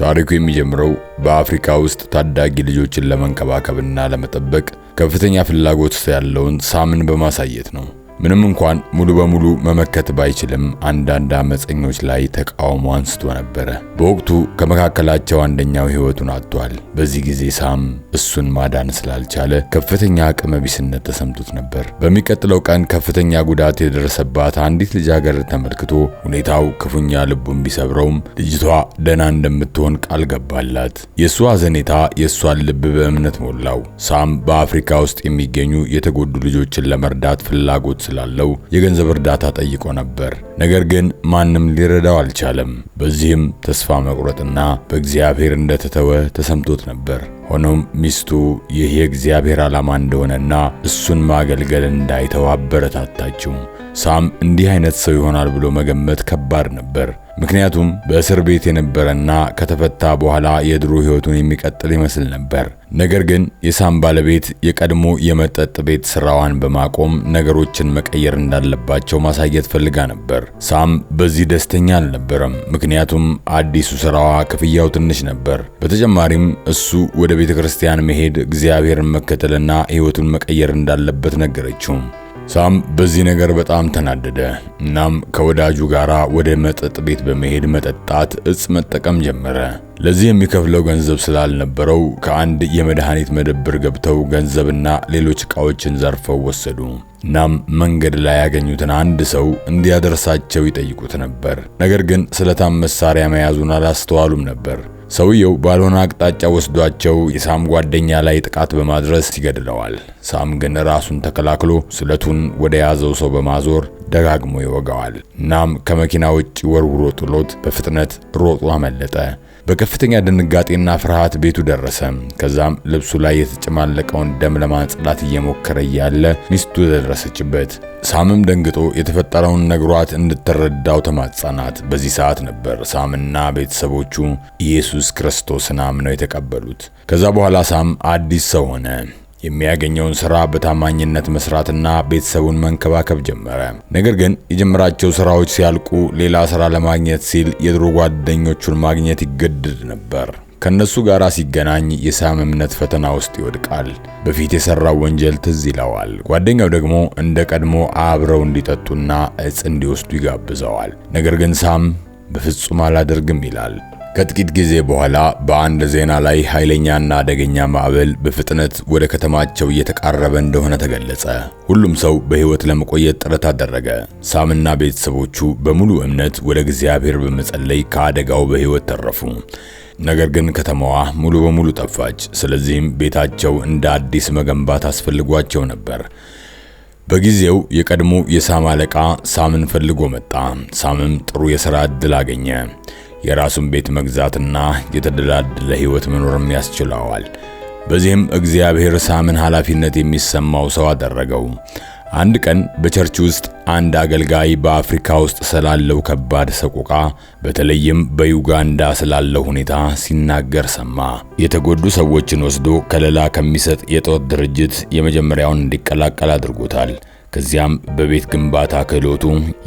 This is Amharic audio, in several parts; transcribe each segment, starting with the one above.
ታሪኩ የሚጀምረው በአፍሪካ ውስጥ ታዳጊ ልጆችን ለመንከባከብና ለመጠበቅ ከፍተኛ ፍላጎት ያለውን ሳምን በማሳየት ነው። ምንም እንኳን ሙሉ በሙሉ መመከት ባይችልም አንዳንድ አመፀኞች ላይ ተቃውሞ አንስቶ ነበረ። በወቅቱ ከመካከላቸው አንደኛው ሕይወቱን አጥቷል። በዚህ ጊዜ ሳም እሱን ማዳን ስላልቻለ ከፍተኛ አቅመ ቢስነት ተሰምቶት ነበር። በሚቀጥለው ቀን ከፍተኛ ጉዳት የደረሰባት አንዲት ልጃገረድ ተመልክቶ ሁኔታው ክፉኛ ልቡን ቢሰብረውም ልጅቷ ደህና እንደምትሆን ቃል ገባላት። የእሱ አዘኔታ የእሷን ልብ በእምነት ሞላው። ሳም በአፍሪካ ውስጥ የሚገኙ የተጎዱ ልጆችን ለመርዳት ፍላጎት ስላለው የገንዘብ እርዳታ ጠይቆ ነበር። ነገር ግን ማንም ሊረዳው አልቻለም። በዚህም ተስፋ መቁረጥና በእግዚአብሔር እንደተተወ ተሰምቶት ነበር። ሆኖም ሚስቱ ይህ የእግዚአብሔር ዓላማ እንደሆነና እሱን ማገልገል እንዳይተው አበረታታችው። ሳም እንዲህ አይነት ሰው ይሆናል ብሎ መገመት ከባድ ነበር። ምክንያቱም በእስር ቤት የነበረና ከተፈታ በኋላ የድሮ ህይወቱን የሚቀጥል ይመስል ነበር። ነገር ግን የሳም ባለቤት የቀድሞ የመጠጥ ቤት ስራዋን በማቆም ነገሮችን መቀየር እንዳለባቸው ማሳየት ፈልጋ ነበር። ሳም በዚህ ደስተኛ አልነበረም፣ ምክንያቱም አዲሱ ስራዋ ክፍያው ትንሽ ነበር። በተጨማሪም እሱ ወደ ቤተ ክርስቲያን መሄድ፣ እግዚአብሔርን መከተልና ህይወቱን መቀየር እንዳለበት ነገረችው። ሳም በዚህ ነገር በጣም ተናደደ። እናም ከወዳጁ ጋር ወደ መጠጥ ቤት በመሄድ መጠጣት፣ እጽ መጠቀም ጀመረ። ለዚህ የሚከፍለው ገንዘብ ስላልነበረው ከአንድ የመድኃኒት መደብር ገብተው ገንዘብና ሌሎች ዕቃዎችን ዘርፈው ወሰዱ። እናም መንገድ ላይ ያገኙትን አንድ ሰው እንዲያደርሳቸው ይጠይቁት ነበር። ነገር ግን ስለታም መሳሪያ መያዙን አላስተዋሉም ነበር። ሰውየው ባልሆነ አቅጣጫ ወስዷቸው የሳም ጓደኛ ላይ ጥቃት በማድረስ ይገድለዋል። ሳም ግን ራሱን ተከላክሎ ስለቱን ወደ ያዘው ሰው በማዞር ደጋግሞ ይወጋዋል። እናም ከመኪና ውጭ ወርውሮ ጥሎት በፍጥነት ሮጦ አመለጠ። በከፍተኛ ድንጋጤና ፍርሃት ቤቱ ደረሰ። ከዛም ልብሱ ላይ የተጨማለቀውን ደም ለማጽዳት እየሞከረ እያለ ሚስቱ ደረሰችበት። ሳምም ደንግጦ የተፈጠረውን ነግሯት እንድትረዳው ተማጸናት። በዚህ ሰዓት ነበር ሳምና ቤተሰቦቹ ኢየሱስ ክርስቶስን አምነው የተቀበሉት። ከዛ በኋላ ሳም አዲስ ሰው ሆነ። የሚያገኘውን ስራ በታማኝነት መስራትና ቤተሰቡን መንከባከብ ጀመረ። ነገር ግን የጀመራቸው ስራዎች ሲያልቁ ሌላ ስራ ለማግኘት ሲል የድሮ ጓደኞቹን ማግኘት ይገድድ ነበር። ከነሱ ጋር ሲገናኝ የሳም እምነት ፈተና ውስጥ ይወድቃል። በፊት የሰራው ወንጀል ትዝ ይለዋል። ጓደኛው ደግሞ እንደ ቀድሞ አብረው እንዲጠጡና እጽ እንዲወስዱ ይጋብዘዋል። ነገር ግን ሳም በፍጹም አላደርግም ይላል። ከጥቂት ጊዜ በኋላ በአንድ ዜና ላይ ኃይለኛና አደገኛ ማዕበል በፍጥነት ወደ ከተማቸው እየተቃረበ እንደሆነ ተገለጸ። ሁሉም ሰው በሕይወት ለመቆየት ጥረት አደረገ። ሳምና ቤተሰቦቹ በሙሉ እምነት ወደ እግዚአብሔር በመጸለይ ከአደጋው በሕይወት ተረፉ። ነገር ግን ከተማዋ ሙሉ በሙሉ ጠፋች። ስለዚህም ቤታቸው እንደ አዲስ መገንባት አስፈልጓቸው ነበር። በጊዜው የቀድሞ የሳም አለቃ ሳምን ፈልጎ መጣ። ሳምም ጥሩ የሥራ ዕድል አገኘ። የራሱን ቤት መግዛትና የተደላደለ ሕይወት መኖርም ያስችለዋል። በዚህም እግዚአብሔር ሳምን ኃላፊነት የሚሰማው ሰው አደረገው። አንድ ቀን በቸርች ውስጥ አንድ አገልጋይ በአፍሪካ ውስጥ ስላለው ከባድ ሰቆቃ በተለይም በዩጋንዳ ስላለው ሁኔታ ሲናገር ሰማ። የተጎዱ ሰዎችን ወስዶ ከለላ ከሚሰጥ የጦር ድርጅት የመጀመሪያውን እንዲቀላቀል አድርጎታል። ከዚያም በቤት ግንባታ ክህሎቱ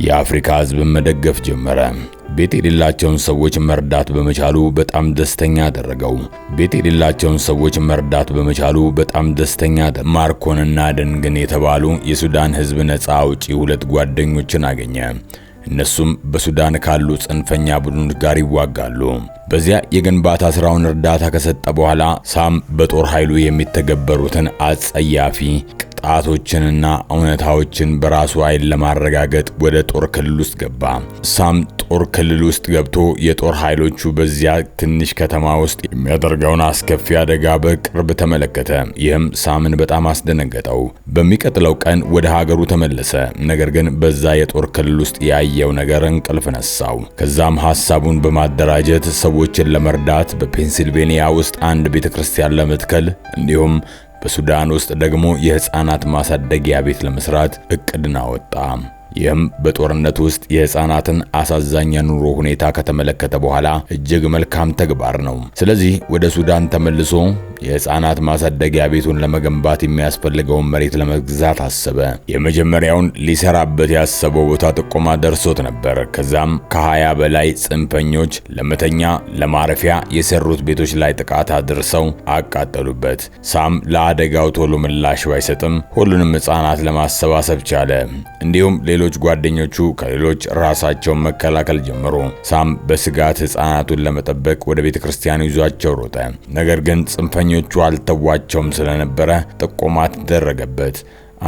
የአፍሪካ ሕዝብን መደገፍ ጀመረ። ቤት የሌላቸውን ሰዎች መርዳት በመቻሉ በጣም ደስተኛ አደረገው። ቤት የሌላቸውን ሰዎች መርዳት በመቻሉ በጣም ደስተኛ ማርኮንና ደንግን የተባሉ የሱዳን ሕዝብ ነጻ አውጪ ሁለት ጓደኞችን አገኘ። እነሱም በሱዳን ካሉ ጽንፈኛ ቡድኖች ጋር ይዋጋሉ። በዚያ የግንባታ ስራውን እርዳታ ከሰጠ በኋላ ሳም በጦር ኃይሉ የሚተገበሩትን አጸያፊ ጣቶችንና እውነታዎችን በራሱ ኃይል ለማረጋገጥ ወደ ጦር ክልል ውስጥ ገባ። ሳም ጦር ክልል ውስጥ ገብቶ የጦር ኃይሎቹ በዚያ ትንሽ ከተማ ውስጥ የሚያደርገውን አስከፊ አደጋ በቅርብ ተመለከተ። ይህም ሳምን በጣም አስደነገጠው። በሚቀጥለው ቀን ወደ ሀገሩ ተመለሰ። ነገር ግን በዛ የጦር ክልል ውስጥ ያየው ነገር እንቅልፍ ነሳው። ከዛም ሀሳቡን በማደራጀት ሰዎችን ለመርዳት በፔንሲልቬኒያ ውስጥ አንድ ቤተ ክርስቲያን ለመትከል እንዲሁም በሱዳን ውስጥ ደግሞ የህፃናት ማሳደጊያ ቤት ለመስራት እቅድን አወጣ። ይህም በጦርነት ውስጥ የህፃናትን አሳዛኝ የኑሮ ሁኔታ ከተመለከተ በኋላ እጅግ መልካም ተግባር ነው። ስለዚህ ወደ ሱዳን ተመልሶ የህፃናት ማሳደጊያ ቤቱን ለመገንባት የሚያስፈልገውን መሬት ለመግዛት አሰበ። የመጀመሪያውን ሊሰራበት ያሰበው ቦታ ጥቆማ ደርሶት ነበር። ከዛም ከሀያ በላይ ጽንፈኞች ለመተኛ ለማረፊያ የሰሩት ቤቶች ላይ ጥቃት አድርሰው አቃጠሉበት። ሳም ለአደጋው ቶሎ ምላሽ ባይሰጥም ሁሉንም ህፃናት ለማሰባሰብ ቻለ። እንዲሁም ሌሎች ጓደኞቹ ከሌሎች ራሳቸውን መከላከል ጀመሩ። ሳም በስጋት ህፃናቱን ለመጠበቅ ወደ ቤተ ክርስቲያኑ ይዟቸው ሮጠ። ነገር ግን ጽንፈ ዳኞቹ አልተዋቸውም ስለነበረ ጥቆማ ተደረገበት።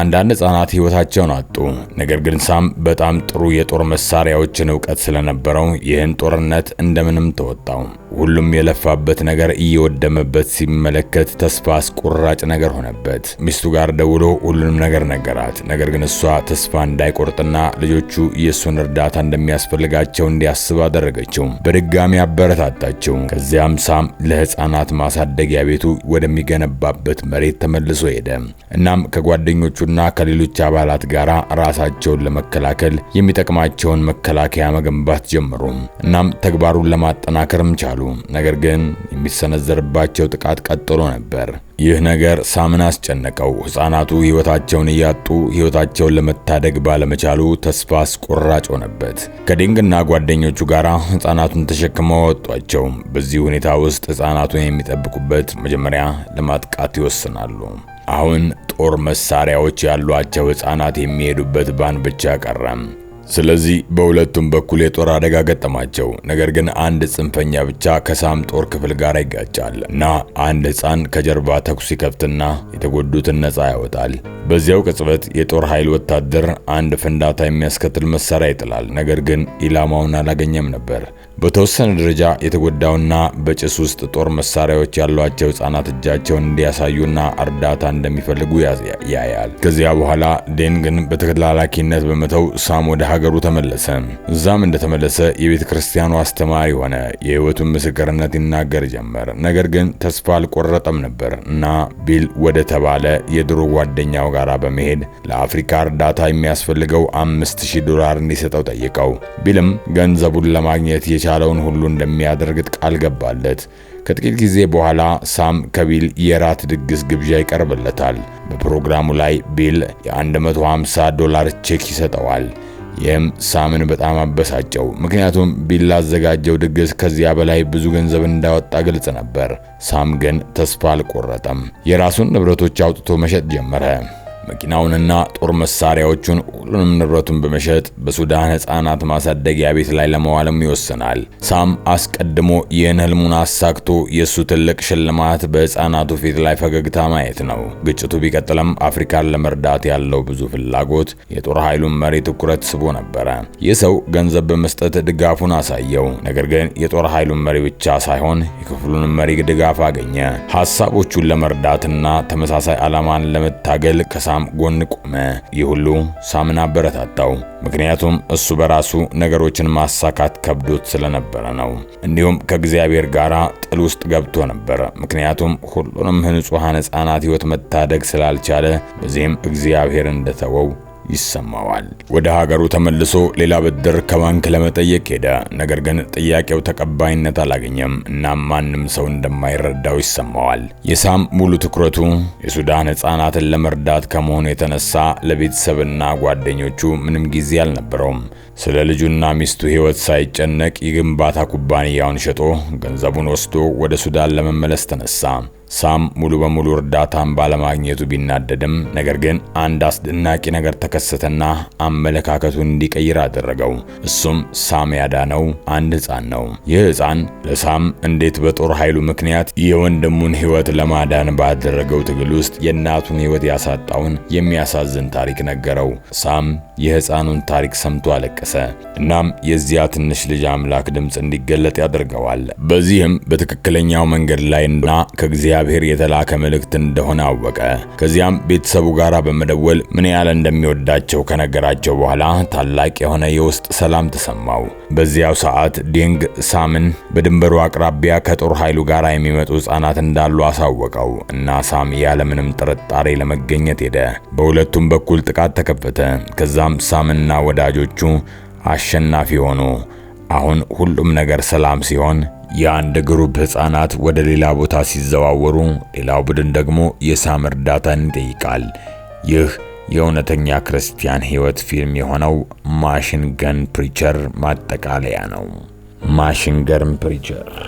አንዳንድ ህጻናት ህይወታቸውን አጡ። ነገር ግን ሳም በጣም ጥሩ የጦር መሳሪያዎችን እውቀት ስለነበረው ይህን ጦርነት እንደምንም ተወጣው። ሁሉም የለፋበት ነገር እየወደመበት ሲመለከት ተስፋ አስቆራጭ ነገር ሆነበት። ሚስቱ ጋር ደውሎ ሁሉንም ነገር ነገራት። ነገር ግን እሷ ተስፋ እንዳይቆርጥና ልጆቹ የእሱን እርዳታ እንደሚያስፈልጋቸው እንዲያስብ አደረገችው። በድጋሚ አበረታታቸው። ከዚያም ሳም ለህፃናት ማሳደጊያ ቤቱ ወደሚገነባበት መሬት ተመልሶ ሄደ። እናም ከጓደኞ ከአባሎቹና ከሌሎች አባላት ጋር ራሳቸውን ለመከላከል የሚጠቅማቸውን መከላከያ መገንባት ጀመሩ። እናም ተግባሩን ለማጠናከርም ቻሉ። ነገር ግን የሚሰነዘርባቸው ጥቃት ቀጥሎ ነበር። ይህ ነገር ሳምን አስጨነቀው። ሕፃናቱ ሕይወታቸውን እያጡ ሕይወታቸውን ለመታደግ ባለመቻሉ ተስፋ አስቆራጭ ሆነበት። ከዲንግና ጓደኞቹ ጋር ሕፃናቱን ተሸክመው ወጧቸው። በዚህ ሁኔታ ውስጥ ሕፃናቱን የሚጠብቁበት መጀመሪያ ለማጥቃት ይወስናሉ። አሁን ጦር መሳሪያዎች ያሏቸው ሕፃናት የሚሄዱበት ባን ብቻ ቀረም። ስለዚህ በሁለቱም በኩል የጦር አደጋ ገጠማቸው። ነገር ግን አንድ ጽንፈኛ ብቻ ከሳም ጦር ክፍል ጋር ይጋጫል እና አንድ ሕፃን ከጀርባ ተኩስ ይከፍትና የተጎዱትን ነፃ ያወጣል። በዚያው ቅጽበት የጦር ኃይል ወታደር አንድ ፍንዳታ የሚያስከትል መሳሪያ ይጥላል። ነገር ግን ኢላማውን አላገኘም ነበር። በተወሰነ ደረጃ የተጎዳውና በጭስ ውስጥ ጦር መሳሪያዎች ያሏቸው ሕፃናት እጃቸውን እንዲያሳዩና እርዳታ እንደሚፈልጉ ያያል። ከዚያ በኋላ ዴን ግን በተከላላኪነት በመተው ሳም ወደ ሀገሩ ተመለሰ። እዛም እንደተመለሰ የቤተ ክርስቲያኑ አስተማሪ ሆነ። የህይወቱን ምስክርነት ይናገር ጀመር። ነገር ግን ተስፋ አልቆረጠም ነበር እና ቢል ወደ ተባለ የድሮ ጓደኛው ጋር በመሄድ ለአፍሪካ እርዳታ የሚያስፈልገው 5000 ዶላር እንዲሰጠው ጠይቀው። ቢልም ገንዘቡን ለማግኘት የቻለውን ሁሉ እንደሚያደርግ ቃል ገባለት። ከጥቂት ጊዜ በኋላ ሳም ከቢል የራት ድግስ ግብዣ ይቀርብለታል። በፕሮግራሙ ላይ ቢል የ150 ዶላር ቼክ ይሰጠዋል። ይህም ሳምን በጣም አበሳጨው። ምክንያቱም ቢላ አዘጋጀው ድግስ ከዚያ በላይ ብዙ ገንዘብ እንዳወጣ ግልጽ ነበር። ሳም ግን ተስፋ አልቆረጠም። የራሱን ንብረቶች አውጥቶ መሸጥ ጀመረ። መኪናውንና ጦር መሳሪያዎቹን ሁሉንም ንብረቱን በመሸጥ በሱዳን ሕፃናት ማሳደጊያ ቤት ላይ ለመዋልም ይወስናል። ሳም አስቀድሞ ይህን ህልሙን አሳክቶ የእሱ ትልቅ ሽልማት በሕፃናቱ ፊት ላይ ፈገግታ ማየት ነው። ግጭቱ ቢቀጥልም አፍሪካን ለመርዳት ያለው ብዙ ፍላጎት የጦር ኃይሉን መሪ ትኩረት ስቦ ነበረ። ይህ ሰው ገንዘብ በመስጠት ድጋፉን አሳየው። ነገር ግን የጦር ኃይሉን መሪ ብቻ ሳይሆን የክፍሉን መሪ ድጋፍ አገኘ። ሀሳቦቹን ለመርዳትና ተመሳሳይ ዓላማን ለመታገል ከሳ ከሳም ጎን ቆመ። ይህ ሁሉ ሳምን አበረታታው፣ ምክንያቱም እሱ በራሱ ነገሮችን ማሳካት ከብዶት ስለነበረ ነው። እንዲሁም ከእግዚአብሔር ጋር ጥል ውስጥ ገብቶ ነበር፣ ምክንያቱም ሁሉንም ንጹሐን ሕፃናት ሕይወት መታደግ ስላልቻለ፣ በዚህም እግዚአብሔር እንደተወው ይሰማዋል። ወደ ሀገሩ ተመልሶ ሌላ ብድር ከባንክ ለመጠየቅ ሄደ። ነገር ግን ጥያቄው ተቀባይነት አላገኘም። እና ማንም ሰው እንደማይረዳው ይሰማዋል። የሳም ሙሉ ትኩረቱ የሱዳን ሕፃናትን ለመርዳት ከመሆኑ የተነሳ ለቤተሰብና ጓደኞቹ ምንም ጊዜ አልነበረውም። ስለ ልጁና ሚስቱ ሕይወት ሳይጨነቅ የግንባታ ኩባንያውን ሸጦ ገንዘቡን ወስዶ ወደ ሱዳን ለመመለስ ተነሳ። ሳም ሙሉ በሙሉ እርዳታን ባለማግኘቱ ቢናደድም ነገር ግን አንድ አስደናቂ ነገር ተከሰተና አመለካከቱን እንዲቀይር አደረገው። እሱም ሳም ያዳነው አንድ ሕፃን ነው። ይህ ሕፃን ለሳም እንዴት በጦር ኃይሉ ምክንያት የወንድሙን ሕይወት ለማዳን ባደረገው ትግል ውስጥ የእናቱን ሕይወት ያሳጣውን የሚያሳዝን ታሪክ ነገረው። ሳም የሕፃኑን ታሪክ ሰምቶ አለቀሰ። እናም የዚያ ትንሽ ልጅ አምላክ ድምፅ እንዲገለጥ ያደርገዋል። በዚህም በትክክለኛው መንገድ ላይ ከጊዜ ከእግዚአብሔር የተላከ መልእክት እንደሆነ አወቀ። ከዚያም ቤተሰቡ ጋር በመደወል ምን ያህል እንደሚወዳቸው ከነገራቸው በኋላ ታላቅ የሆነ የውስጥ ሰላም ተሰማው። በዚያው ሰዓት ዴንግ ሳምን በድንበሩ አቅራቢያ ከጦር ኃይሉ ጋር የሚመጡ ሕፃናት እንዳሉ አሳወቀው እና ሳም ያለምንም ጥርጣሬ ለመገኘት ሄደ። በሁለቱም በኩል ጥቃት ተከፈተ። ከዛም ሳምና ወዳጆቹ አሸናፊ ሆኑ። አሁን ሁሉም ነገር ሰላም ሲሆን የአንድ ግሩፕ ህፃናት ወደ ሌላ ቦታ ሲዘዋወሩ፣ ሌላው ቡድን ደግሞ የሳም እርዳታን ይጠይቃል። ይህ የእውነተኛ ክርስቲያን ህይወት ፊልም የሆነው ማሽን ገን ፕሪቸር ማጠቃለያ ነው። ማሽን ገን ፕሪቸር